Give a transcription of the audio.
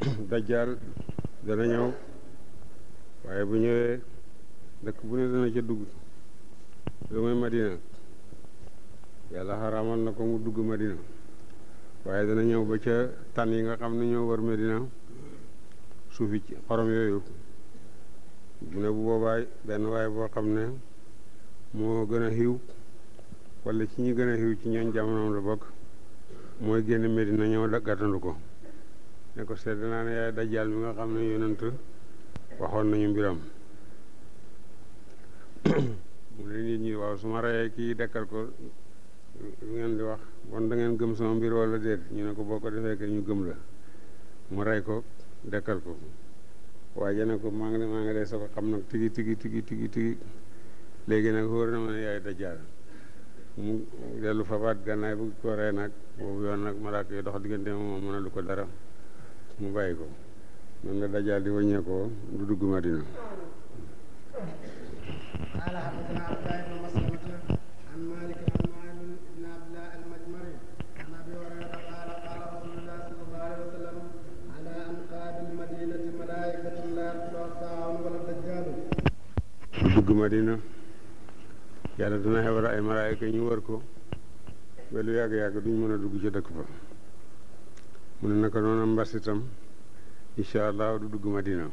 dajjaal dana ñëw waaye bu ñëwee dëkk bu ne dana ca dugg lu mooy madina yàlla xaraamal na ko mu dugg madina waaye dana ñëw ba ca tan yi nga xam ne ñoo war madina suufi xorom yooyu bu ne bu boobaay benn waaye boo xam ne moo gën a xiw wala ci ñi gën a xiw ci ñooñ jamonoom la bokk mooy génn medina ñëw gàttandu ko ne ko sedd naa ne yaay dajjaal mi nga xam ne ñu yonent waxoon nañu mbiram mu ne nit ñi waaw su ma reyee kii dekkal ko lu ngeen di wax bon da ngeen gëm sama mbir wala déet ñu ne ko boo ko defee ñu gëm la mu rey ko dekkal ko waaye ne ko maa ngi maa ngi ko xam nag tigi tigi tigi tigi tigi léegi nag wóor na ma ne yaay dajjaal mu dellu fabaat gànnaay bu ko rey nag boobu yoon nag malaaka yi dox diggante moom mën a lu ko dara mu bàyyi ko noonu la dajaal di wàññeekoo du dugg Madina dugg Madina yàlla dana xewar ay malaayka ñu wër ko ba lu yàgg-yàgg duñ mën a dugg ci dëkk ba mu ne naka noonu mbas itam incha allah du dugg Madina